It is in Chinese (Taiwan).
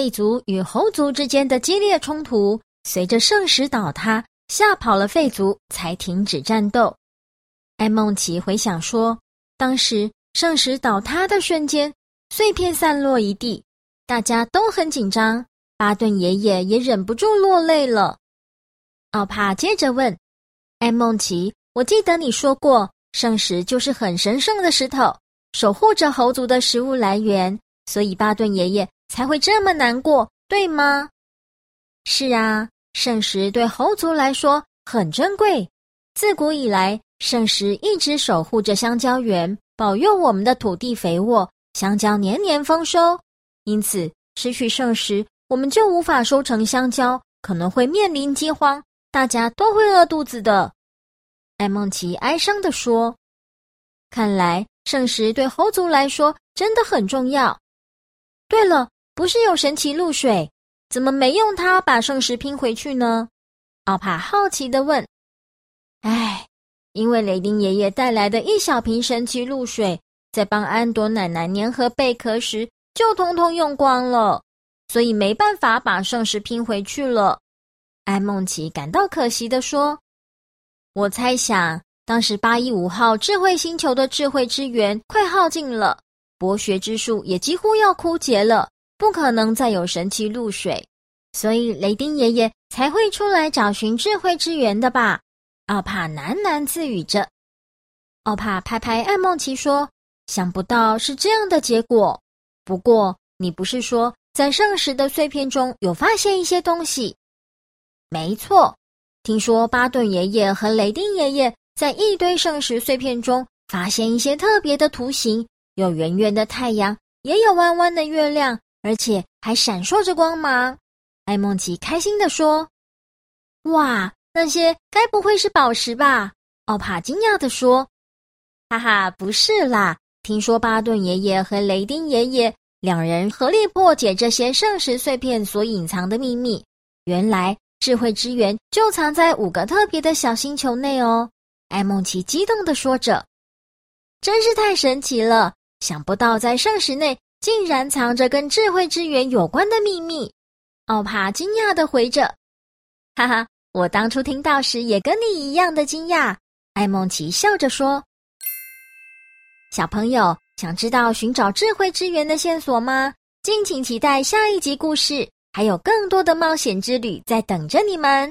費族與猴族之間的激烈衝突，隨着聖石倒塌，嚇跑了費族，才停止戰鬥。愛孟奇回想說：“當時聖石倒塌的瞬間，碎片散落一地，大家都很緊張。巴頓爺爺也忍不住落淚了。”奧帕接着問：“愛孟奇，我記得你說過，聖石就是很神聖的石頭，守護着猴族的食物來源，所以巴頓爺爺。”才會這麼難過，對嗎？是啊，聖石對猴族來說很珍貴。自古以來，聖石一直守護着香蕉園，保佑我們的土地肥沃，香蕉年年豐收。因此，失去聖石，我們就無法收成香蕉，可能會面臨饑荒，大家都會餓肚子的。愛孟奇哀傷地說：“看來聖石對猴族來說真的很重要。”對了。不是有神奇露水，怎麼沒用它把聖石拼回去呢？奧帕好奇地問。唉，因為雷丁爺爺帶來的一小瓶神奇露水，在幫安朵奶奶粘合貝殼時就通通用光了，所以沒辦法把聖石拼回去了。愛孟奇感到可惜地說：“我猜想，當時八一五號智慧星球的智慧之源快耗盡了，博學之術也幾乎要枯竭了。”不可能再有神奇露水，所以雷丁爺爺才會出來找尋智慧之源的吧？奧帕喃喃自語着。奧帕拍拍愛孟奇說：“想不到是這樣的結果。不過你不是說在聖石的碎片中有發現一些東西？沒錯，聽說巴頓爺爺和雷丁爺爺在一堆聖石碎片中發現一些特別的圖形，有圓圓的太陽，也有彎彎的月亮。”而且還閃爍着光芒，愛孟奇開心地說：“哇，那些該不會是寶石吧？”奧帕驚訝地說：“哈哈，不是啦！聽說巴頓爺爺和雷丁爺爺兩人合力破解這些聖石碎片所隱藏的秘密，原來智慧之源就藏在五個特別的小星球內哦。”愛孟奇激動地說着：“真是太神奇了！想不到在聖石內。”竟然藏着跟智慧之源有關的祕密，奧帕驚訝地回着：“哈哈，我當初聽到時也跟你一樣的驚訝。”愛孟奇笑着說：“小朋友，想知道尋找智慧之源的線索嗎？敬請期待下一集故事，還有更多的冒險之旅在等着你們。”